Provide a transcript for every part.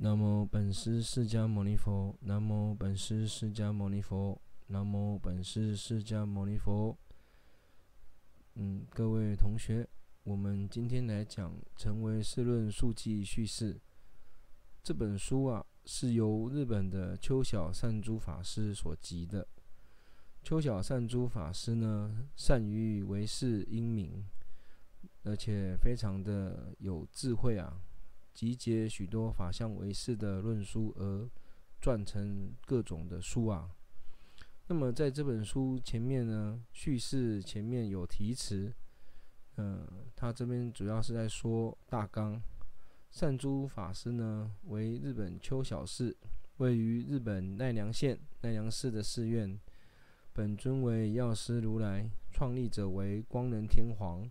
南無本師釋迦牟尼佛，南無本師釋迦牟尼佛，南無本師釋迦牟尼佛。嗯，各位同學，我們今天來講《成唯識論述記序釋》這本書啊，是由日本的秋篠善珠法師所集的。秋篠善珠法師呢，善於唯識英明，而且非常的有智慧啊。集結許多法相唯識的論書而撰成各種的書啊。那麼在這本書前面呢，敘事前面有題詞，嗯，他這邊主要是在說大綱。善珠法師呢，為日本秋篠寺，位於日本奈良縣奈良市的寺院，本尊為藥師如來，創立者為光仁天皇。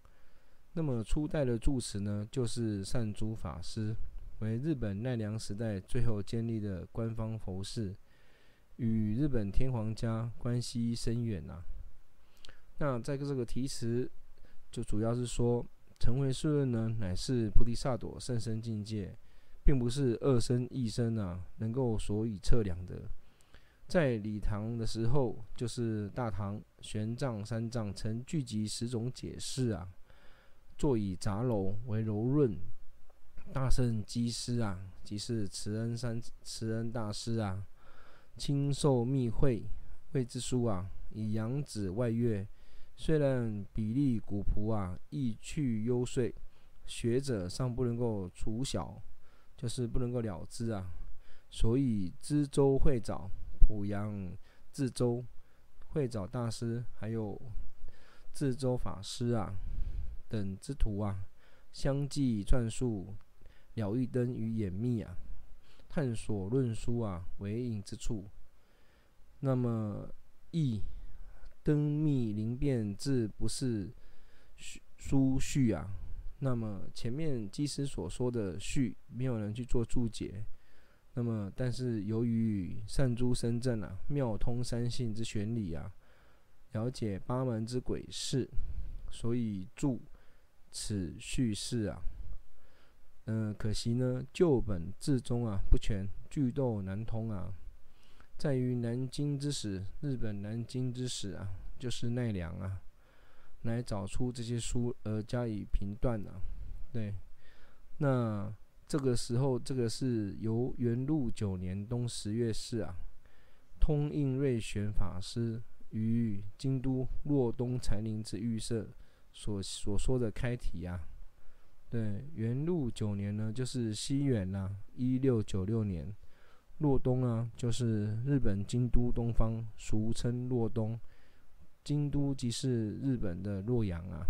那麼初代的住持呢，就是善珠法師，為日本奈良時代最後建立的官方佛寺，與日本天皇家關係深遠啊。那在這個題詞，就主要是說，成唯識論呢，乃是菩提薩埵甚深境界，並不是二乘、異生啊，能夠所以測量的。在李唐的時候，就是大唐玄奘、三藏曾聚集十種解釋啊。坐以雜糅為糅論。大乘基師啊，即是慈恩三慈恩大師啊，親受密誨，為之疏啊，以揚指外月，雖然筆力古樸啊，義趣幽邃，學者尚不能夠卒曉，就是不能夠了知啊。所以淄州慧沼、濮陽智周慧沼大師，還有智周法師啊。等之徒啊，相繼撰述《了義燈與演祕》啊，探索論疏啊，微隱之處。那麼《義燈祕》靈辯至不釋疏序啊。那麼前面基師所說的序，沒有人去做注解。那麼但是由於善珠僧正啊，妙通三性之玄理啊，了解八門之軌式，所以注。此序釋啊，嗯、呃，可惜呢，舊本至終啊不全，句讀難通啊，在於南京之史，日本南京之史啊，就是奈良啊，來找出這些書而加以評斷啊。對，那這個時候，這個是由元祿九年冬十月四啊，通應瑞玄法師於京都洛東禪林寺之寓舍。所所說的開題啊，對，元祿九年呢，就是西元啦、啊，一六九六年，洛東啊，就是日本京都東方，俗稱洛東，京都即是日本的洛陽啊，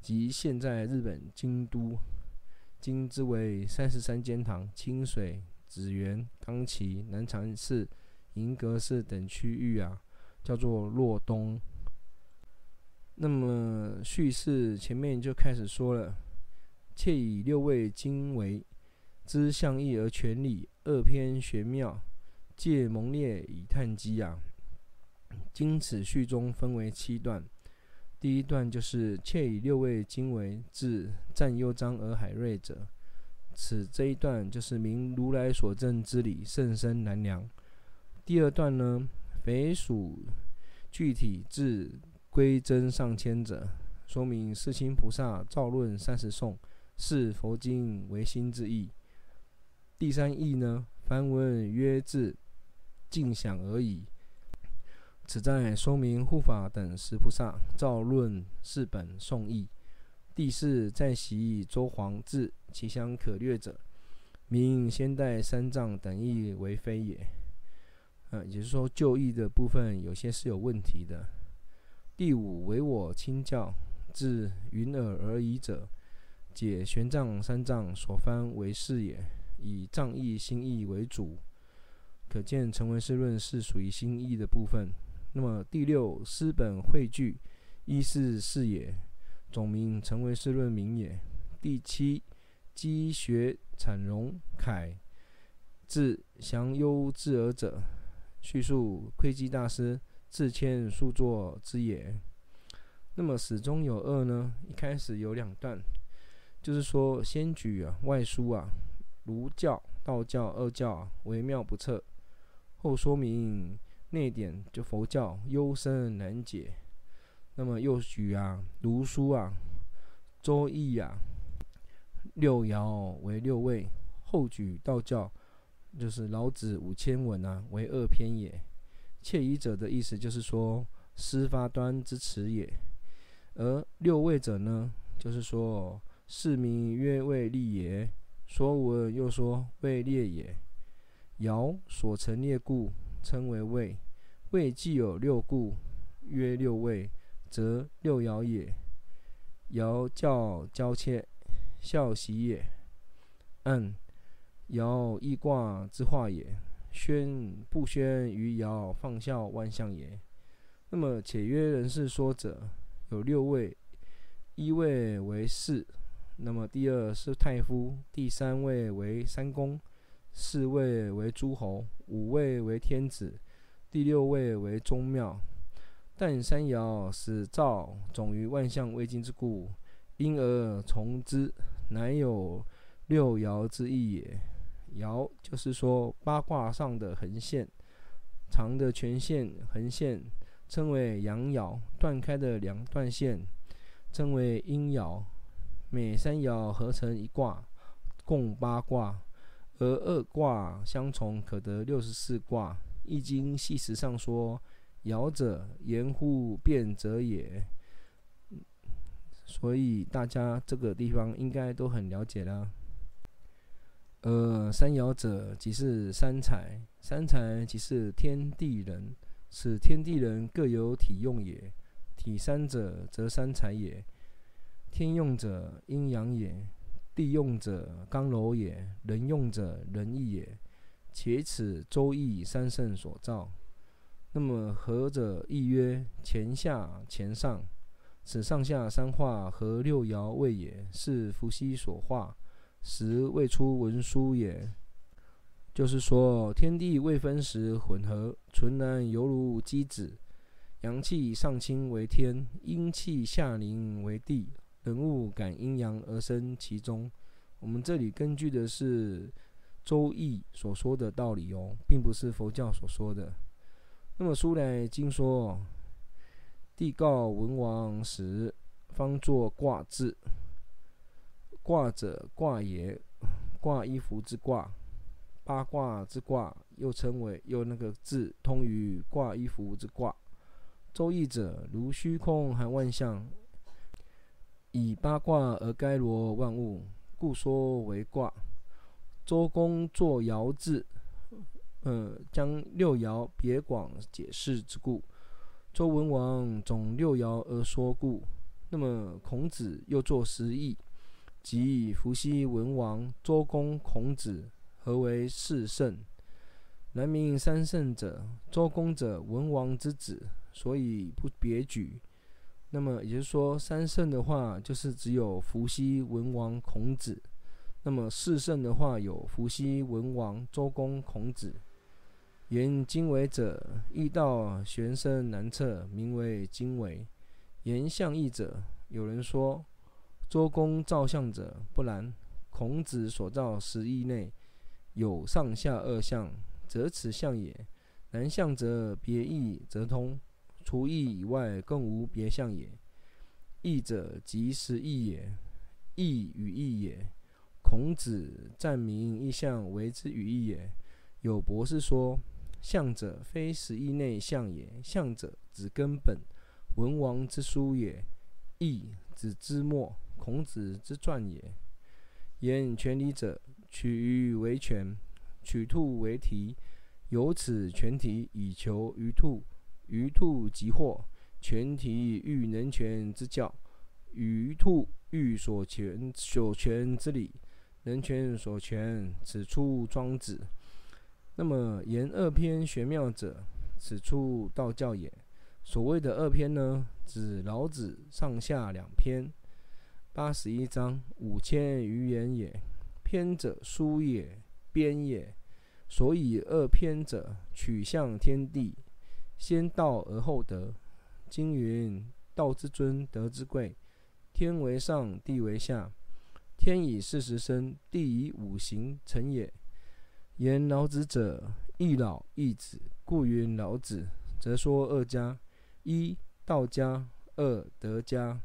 即現在日本京都，今之為三十三間堂、清水、紫園、岡崎、南禪寺、銀閣寺等區域啊，叫做洛東。那麼敘事前面就開始說了，竊以六位經為之相義而全理，二篇玄妙，借蒙略以探機啊。今此序中分為七段，第一段就是竊以六位經為至贊優章而海瑞者，此這一段就是明如來所證之理，甚深難量。第二段呢，匪屬具體字歸真上千者，說明世親菩薩造論三十頌是佛經唯心之意。第三義呢，梵文曰字盡想而已，此在說明護法等十菩薩造論四本頌意。第四在習周皇字，其相可略者，明先代三藏等義為非也。嗯、啊，也就是說舊義的部分有些是有問題的。第五，唯我清教，至云爾而已者，解玄奘三藏所翻為是也，以藏義新義為主。可見成唯識論是屬於新義的部分。那麼第六，思本匯聚，一是是也，總名成唯識論名也。第七，積學產融，楷至降憂至而者，敘述窺基大師。自謙述作之也。那麼始終有二呢？一開始有兩段，就是說先舉啊外書啊，儒教、道教二教、啊、微妙不測；後說明內典，就佛教幽深難解。那麼又舉啊儒書啊《周易》啊六爻為六位；後舉道教就是老子五千文啊為二篇也。竊疑者的意思就是說，失發端之恥也；而六位者呢，就是說，是名曰位立也。說文又說，位列也。爻所成列故，稱為位。位既有六故，曰六位，則六爻也。爻教交切，孝喜也。嗯，爻易卦之化也。宣不宣於爻，放效萬象也。那麼，且約人事說者有六位：一位為士，那麼第二是大夫，第三位為三公，四位為諸侯，五位為天子，第六位為宗廟。但三爻始造，總於萬象未盡之故，因而從之，乃有六爻之意也。爻就是說八卦上的橫線，長的全線橫線稱為陽爻，斷開的兩段線稱為陰爻。每三爻合成一卦，共八卦，而二卦相重可得六十四卦。《易經》繫辭上說：“爻者，言乎變者也。”所以大家這個地方應該都很了解了。呃，三爻者，即是三才；三才即是天地人，此天地人各有體用也。體三者，則三才也。天用者，陰陽也；地用者，剛柔也；人用者，仁義也。且此《周易》三聖所造。那麼和者亦曰前下前上，此上下三畫合六爻位也，是伏羲所畫。時未出文書也，就是說天地未分時混合純然，猶如雞子。陽氣上清為天，陰氣下凝為地，人物感陰陽而生其中。我們這裡根據的是《周易》所說的道理哦，並不是佛教所說的。那麼《書》來經說，帝告文王時，方作卦志。卦者掛，卦也，掛衣服之掛，八卦之卦，又稱為又那個字通於掛衣服之掛。周易者，如虛空含萬象，以八卦而賅羅萬物，故說為卦。周公作爻字，呃，將六爻別廣解釋之故。周文王總六爻而說故，那麼孔子又作十翼。即以伏羲、文王、周公、孔子合為四聖？南明三聖者，周公者文王之子，所以不別舉。那麼也就是說，三聖的話就是只有伏羲、文王、孔子。那麼四聖的話有伏羲、文王、周公、孔子。言經緯者，易道玄深難測，名為經緯。言象義者，有人說。周公造象者，不然。孔子所造十義內有上下二象，則此象也。然象則別，義則通，除義以外更無別象也。義者即是義也，義與義也。孔子贊名一象為之與義也。有博士說，象者非十義內象也，象者指根本，文王之書也。義指之末。孔子之傳也，言全理者，取魚為全，取兔為蹄，由此筌蹄以求魚兔，魚兔即獲。筌蹄喻能全之教，魚兔喻所全，所全之理，能全所全，此處莊子。那麼言二篇玄妙者，此處道教也。所謂的二篇呢，指老子上下兩篇。八十一章，五千餘言也。篇者書也，編也。所以二篇者，取象天地，先道而後德。經云道之尊，德之貴，天為上，地為下。天以四時生，地以五行成也。言老子者，一老一子，故云老子，則說二家：一道家，二德家。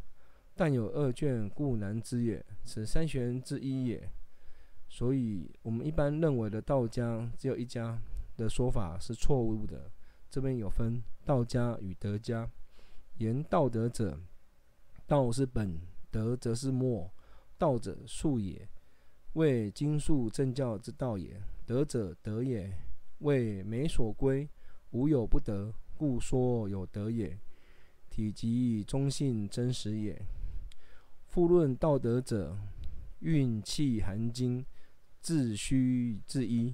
但有二卷，故難之也。此三玄之一也。所以，我們一般認為的道家只有一家的說法是錯誤的。這邊有分道家與德家。言道德者，道是本，德則是末。道者術也，為經術正教之道也。德者德也，為美所歸，無有不得，故說有德也。體極忠信真實也。夫論道德者，蘊氣含精，自虛自依，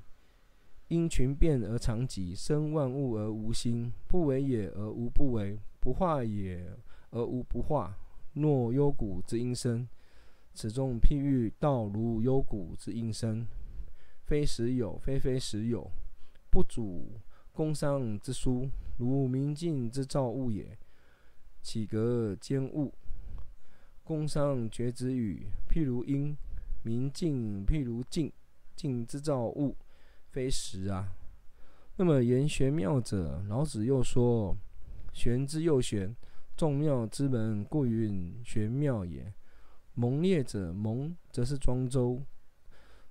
因群變而常寂，生萬物而無心。不為也而無不為，不化也而無不化。若幽谷之音聲，此中譬喻道如幽谷之音聲，非實有，非非實有，不主工商之書，如明鏡之造物也，豈格兼物？宮商角徵羽，譬如陰明鏡，譬如鏡，鏡之照物，非實啊。那麼言玄妙者，老子又說：玄之又玄，眾妙之門，故云玄妙也。蒙列者，蒙則是莊周，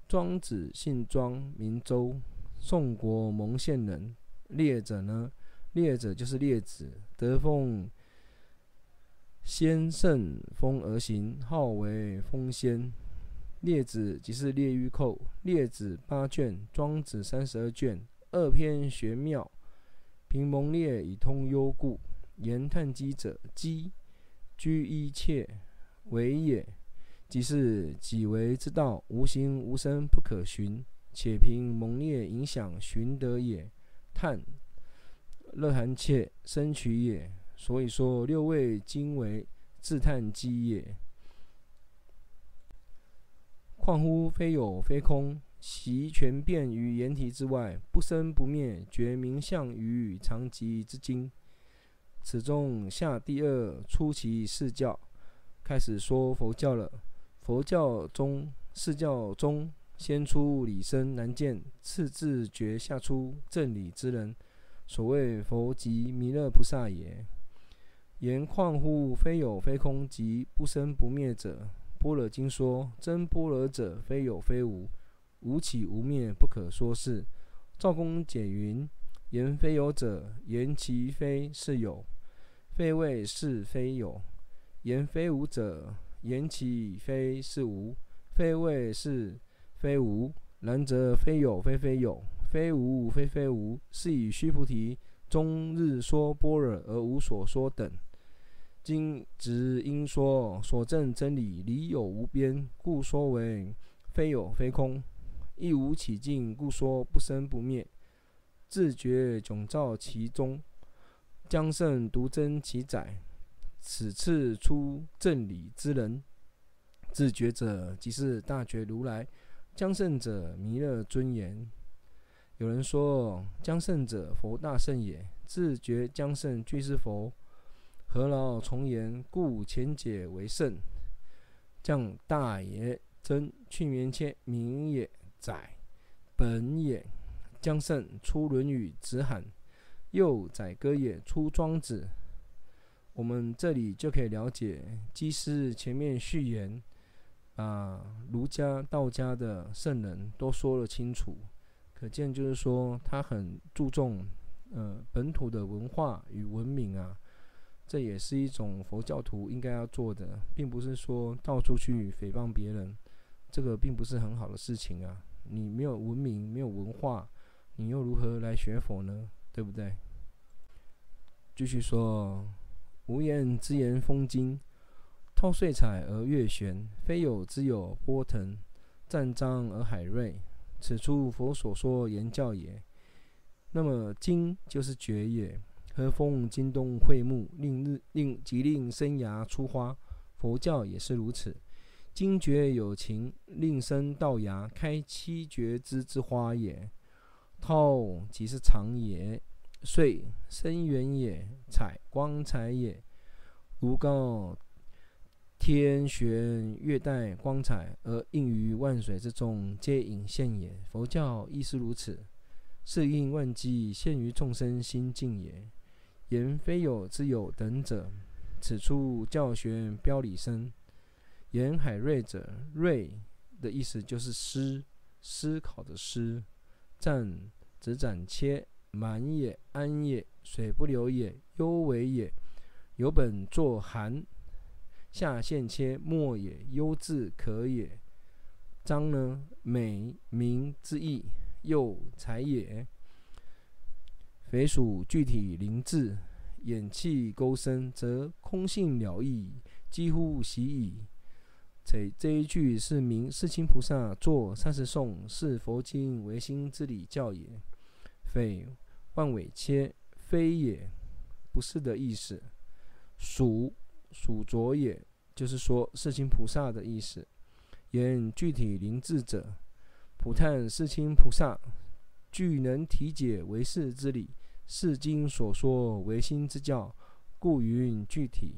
莊子姓莊，名周，宋國蒙縣人。列者呢，列者就是列子，德鳳。先聖風而行，號為風先。列子即是列禦寇。列子八卷，莊子三十二卷，二篇玄妙。憑蒙列以通幽故，故言探機者，機居一切為也，即是機微之道，無形無聲，不可尋。且憑蒙列影響尋得也。探樂含切生取也。所以說六位經為自嘆機也，況乎非有非空，習全遍於言題之外，不生不滅，絕名相於常寂之今。此中下第二出其世教，開始說佛教了。佛教中世教中，先出理深難見，次至覺下出正理之人，所謂佛即彌勒菩薩也。言況乎非有非空即不生不滅者，般若經說真般若者非有非無，無起無滅不可說是。趙公解云：言非有者，言其非是有，非謂是非有；言非無者，言其非是無，非謂是非無。然則非有非非有，非無非非無，非無非非無，是以須菩提終日說般若而無所說等。今直因說所證真理理有無邊，故說為非有非空，亦無起盡，故說不生不滅。自覺迥照其中，將聖獨增其宰，此次出正理之人，自覺者即是大覺如來，將聖者彌勒尊嚴。有人說，將聖者佛大聖也，自覺將聖俱是佛。何勞重言？故前解為勝，將大也真，去年遷名也宰，本也。將聖出《論語》子罕，又宰歌也出《莊子》。我們這裡就可以了解，既是前面序言，把、呃、儒家、道家的聖人都說了清楚，可見就是說，他很注重，呃本土的文化與文明啊。這也是一種佛教徒應該要做的，並不是說到處去誹謗別人，這個並不是很好的事情啊！你沒有文明，沒有文化，你又如何來學佛呢？對不對？繼續說，無言之言，風經；透碎彩而月懸，非有之有波騰，讚章，而海瑞。此處佛所說言教也。那麼經就是絕也。和風驚冬蕙，木，令日令即令生芽出花。佛教也是如此，驚覺有情，令生道芽，開七覺支之花也。透即是長也，穗生源也，彩，光彩也。如高天懸月帶光彩，而映於萬水之中，皆影現也。佛教亦是如此，是應萬機，現於眾生心境也。言非有之有等者，此處教學標裡生。言海睿者，睿的意思就是思，思考的思。戰則斬切滿也，安也，水不流也，憂為也。有本作寒，下線切莫也，憂字可也。章呢，美名之義，又才也。非屬具體靈智，眼氣勾生，則空性了義，幾乎習矣。此這一句是明世親菩薩作三十頌，是佛經唯心之理教也。非，萬為切，非也，不是的意思。屬，屬着也，就是說世親菩薩的意思。言具體靈智者，普嘆世親菩薩具能體解唯識之理。世尊所說唯心之教，故云具體。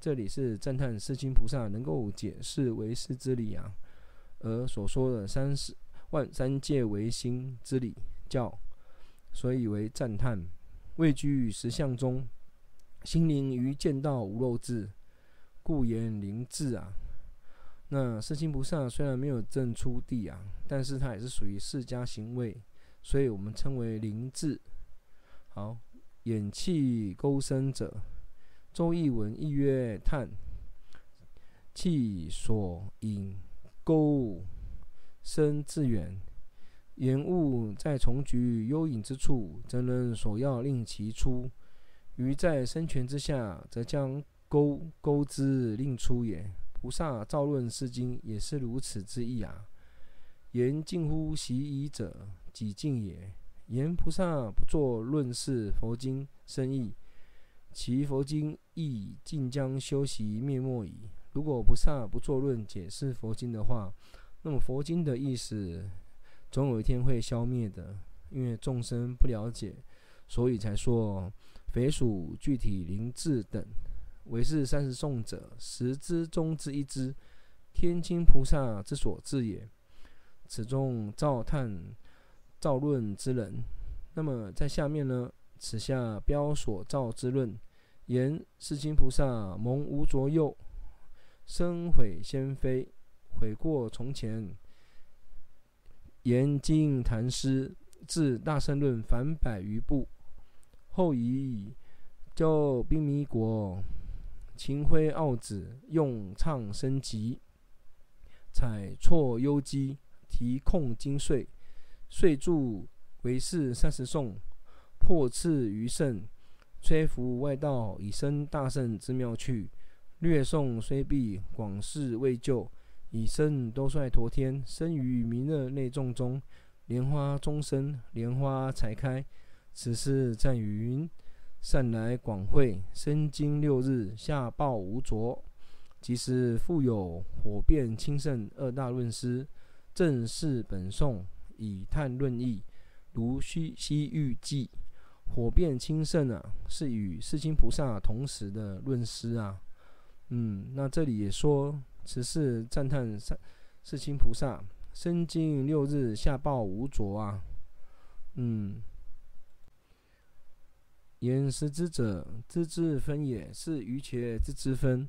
這裡是讚歎世親菩薩能夠解釋唯識之理啊，而所說的三世萬三界唯心之理教，所以為讚歎。位居於實相中，心靈於見道無漏智，故言靈智啊。那世親菩薩雖然沒有證初地啊，但是他也是屬於釋迦行位，所以我們稱為靈智。好，演賾鉤深者，周易文一曰：探賾索隱，鉤深致遠。言物在叢菊、幽隱之處，則人所要令其出；魚在深泉之下，則將鈎鈎之，令出也。菩薩造論釋經也是如此之意啊。言近乎習矣者，幾近也。言菩薩不作論釋佛經深意，其佛經義盡將休息滅沒矣。如果菩薩不作論解釋佛經的話，那麼佛經的意思總有一天會消滅的，因為眾生不了解，所以才說非屬具體靈智等為是三十頌者十支中之一支，天親菩薩之所製也。此中照嘆。造論之人，那麼在下面呢？此下標所造之論，言世親菩薩蒙無左右，生悔先非，悔過從前。言經談師自大乘論凡百餘部，後以教賓彌國，秦暉傲子用唱聲集，採錯幽機，提控精粹。遂著為《釋三十頌》，破斥餘乘，摧伏外道，以申大聖之妙趣。略頌雖畢，廣釋未就。以昇都率陀天生於彌勒內眾中，蓮花終生，蓮花才開。此事贊云：善來廣會，生經六日下報無着。即是復有火辨親勝二大論師，正是本頌。以探論意，如西西域記，火辨親勝啊，是與世親菩薩同時的論師啊。嗯，那這裡也說，此是讚嘆世親菩薩，生經六日下報無濁啊。嗯，言失之者，知之分也是於且知之分。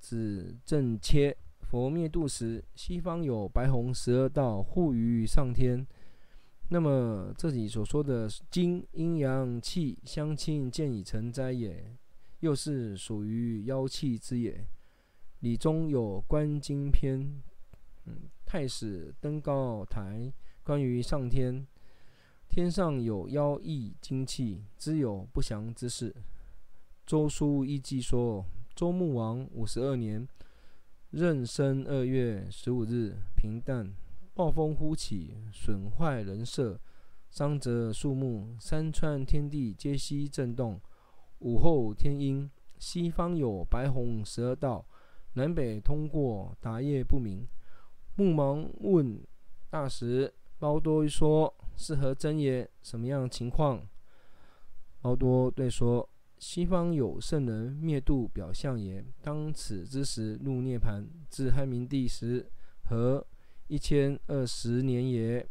子正切佛滅度時，西方有白虹十二道護於上天。那麼這裡所說的精陰陽氣相親，見已成災也，又是屬於妖氣之也。禮中有觀精篇，嗯，太史登高臺，觀於上天，天上有妖異精氣，知有不祥之事。周書異記說。周穆王五十二年，壬申二月十五日，平淡，暴風忽起，損壞人設，傷折樹木，山川天地皆悉震動。午後天陰，西方有白虹十二道，南北通過，達夜不明。穆王問大石，包多一說：“是何徵也什麼樣情況？”包多對說。西方有聖人滅度，表象也，當此之時，入涅槃，至漢明帝時，合一千二十年也。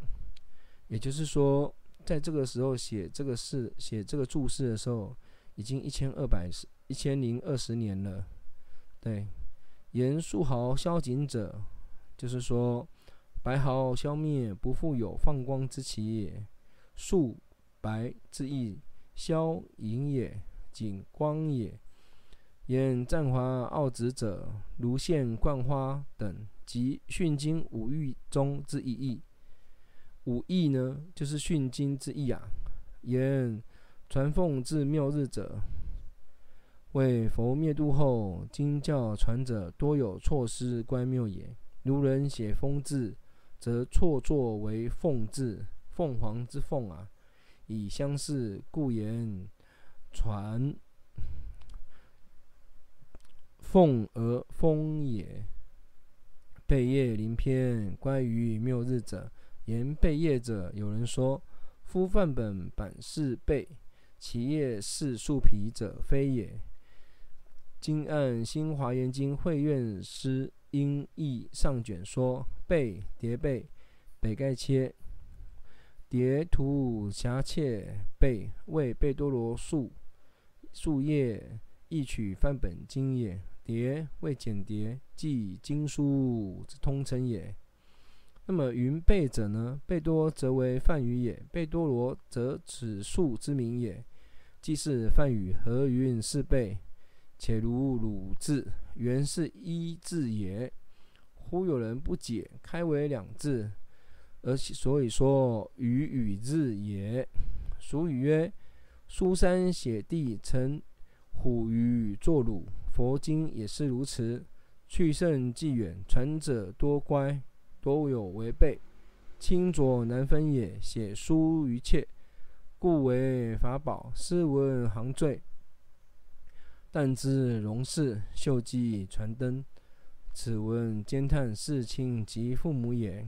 也就是說，在這個時候寫這個事、寫這個註釋的時候，已經一千二百一千零二十年了。對，言素毫消盡者，就是說白毫消滅，不復有放光之期也。素白之意，消隱也。景光也，言讚華奧旨者，如線貫花等，即訓經五義中之一義。五義，義呢，就是訓經之意啊。言傳奉至妙日者，為佛滅度後，經教傳者多有錯失乖謬也。如人寫風字，則錯作為鳳字，鳳凰之鳳啊，以相似故言。傳奉而封也。貝葉林篇，關於謬日者，言貝葉者，有人說：夫梵本板是貝，其葉是樹皮者，非也。今按《新華嚴經》慧苑師音義上卷說，貝疊貝，北蓋切。疊徒俠切貝為貝多羅樹樹葉亦取翻本經也。疊為簡疊，即經書之通稱也。那麼雲貝者呢？貝多則為梵語也，貝多羅則此樹之名也。既是梵語，何雲是貝？且如汝字，原是一字也。忽有人不解，開為兩字。而所以說，魚魯日也。俗語曰：“書三寫帝成，成虎魚作魯。”佛經也是如此，去聖既遠，傳者多乖，多有違背，清濁難分也。寫書於切，故為法寶。斯文行墜。但知榮事，秀記傳燈，此文兼探世親及父母也。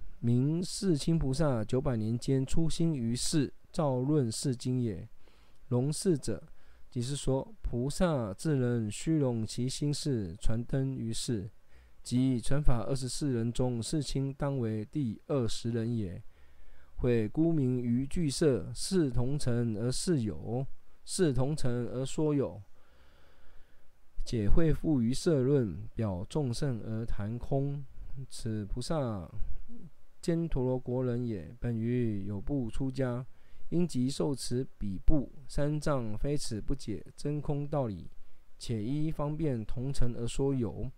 明世親菩薩九百年間出興於世，造論釋經也。龍世者即是說菩薩自能虛榮其心事傳燈於世，即傳法二十四人中世親當為第二十人也。會孤明於聚色，是同成而是有，是同成而說有，且會附於社論，表眾聖而談空。此菩薩。今陀羅國人也，本於有部出家，因即受持比部三藏，非此不解真空道理，且依方便同塵而說有，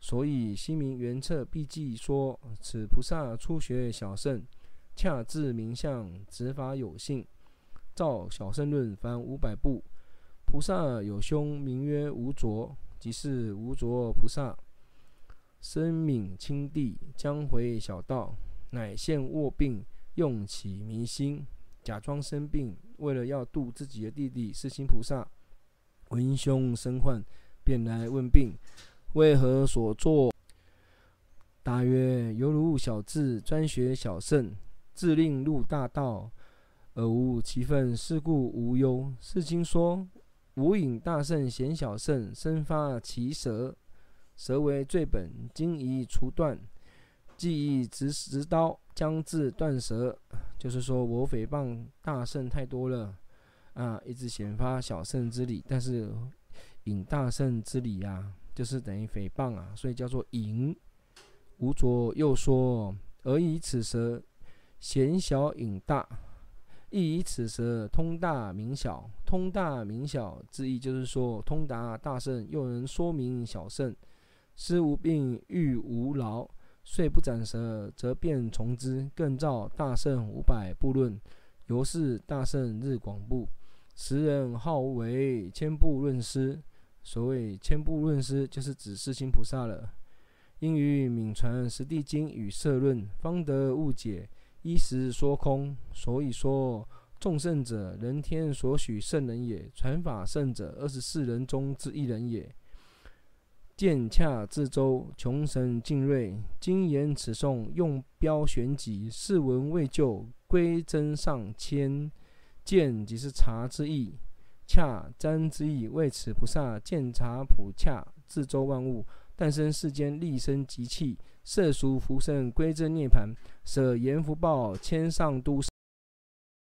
所以《心明原測》必記說此菩薩初學小聖，恰自名相，執法有信，照小聖論，凡五百部菩薩有凶名曰無濁，即是無濁菩薩，生閩清地，將回小道。乃現臥病，用起迷心，假裝生病，為了要度自己的弟弟世親菩薩。聞兄身患，便來問病，為何所作？答曰：猶如小智專學小聖，自令入大道，而無其分，是故無憂。世親說：無影大聖嫌小聖生發其舌，舌為罪本，今宜除斷。既以直直刀將自斷舌，就是說我誹謗大聖太多了啊，一直顯發小聖之理，但是引大聖之理呀、啊，就是等於誹謗啊，所以叫做引。吳左右說：“而以此舌顯小引大，亦以此舌通大明小。通大明小之意，就是說通達大聖，又能說明小聖。思無病，欲無勞。”遂不斬蛇，則便從之。更造大聖五百部論，由是大聖日廣布。時人號為千部論師。所謂千部論師，就是指世親菩薩了。因於閩傳十地經與攝論，方得悟解一時說空。所以說，眾聖者，人天所許聖人也；傳法聖者，二十四人中之一人也。見洽智周，窮神盡瑞，精研此頌，用標玄極。是文未就，歸真上遷。見即是察之意，洽霑之意。謂此菩薩見察普洽智周萬物，誕生世間立身極器，涉俗浮生，歸真涅槃，舍閻浮報遷上都史。